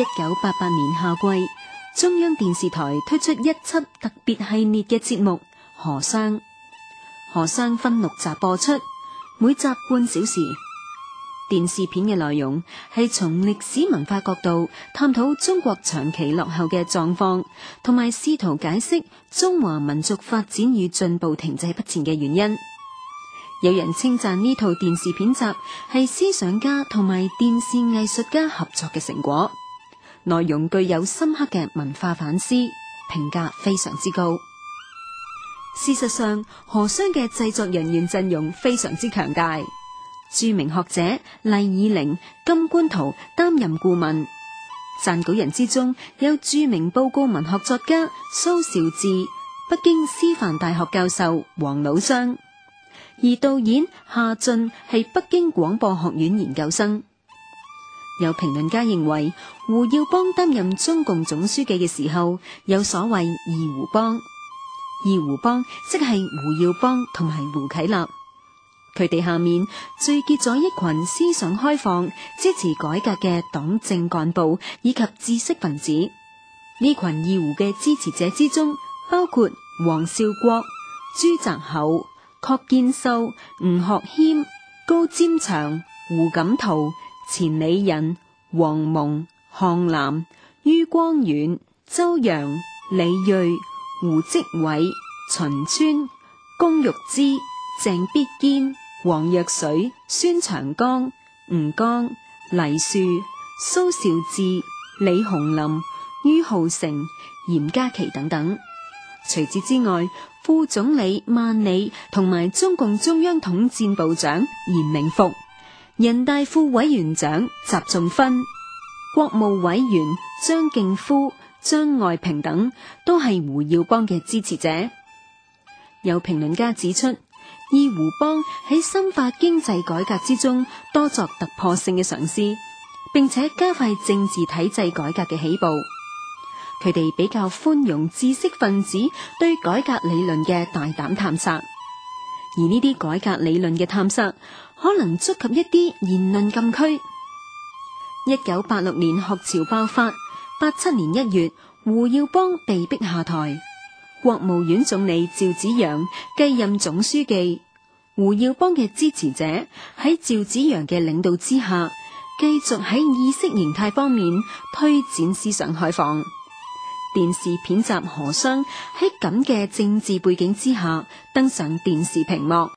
一九八八年夏季，中央電視台推出一輯特別系列嘅節目《河殤》。《河殤》分六集播出，每集半小時。電視片嘅內容係從歷史文化角度探討中國長期落後嘅狀況，同埋試圖解釋中華民族發展與進步停滯不前嘅原因。有人稱讚呢套電視片集係思想家同埋電視藝術家合作嘅成果。內容具有深刻嘅文化反思，評價非常之高。事實上，《河殤》嘅製作人員陣容非常之強大，著名學者厲以寧、金觀濤擔任顧問。撰稿人之中有著名報告文學作家蘇兆志、北京師範大學教授王魯湘，而導演夏俊係北京廣播學院研究生。有評論家認為，胡耀邦擔任中共總書記嘅時候，有所謂「二胡邦」。「二胡邦」即係胡耀邦同埋胡啟立，佢哋下面聚結咗一群思想開放、支持改革嘅黨政幹部以及知識分子。呢群二胡嘅支持者之中，包括黃少國、朱澤厚、郝建秀、吳學謙、高占祥、胡錦濤。前錢李仁、王蒙、項南、于光遠、周揚、李銳、胡績偉、秦川、龔育之、鄭必堅、王若水、孫長江、吳江、黎樹、蘇紹智、李洪林、于浩成、嚴家琪等等。除此之外，副總理萬里同埋中共中央統戰部長閻明復。人大副委員長習仲勛、國務委員張勁夫、張愛平等都係胡耀邦嘅支持者。有評論家指出，以胡邦喺深化經濟改革之中多作突破性嘅嘗試，並且加快政治體制改革嘅起步。佢哋比較寬容知識分子對改革理論嘅大膽探索，而呢啲改革理論嘅探索。可能觸及一啲言論禁區。一九八六年學潮爆發，八七年一月，胡耀邦被逼下台，國務院總理趙紫陽繼任總書記。胡耀邦嘅支持者喺趙紫陽嘅領導之下，繼續喺意識形態方面推展思想開放。電視片集《河殤》喺咁嘅政治背景之下登上電視屏幕。